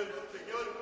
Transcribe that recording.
el Señor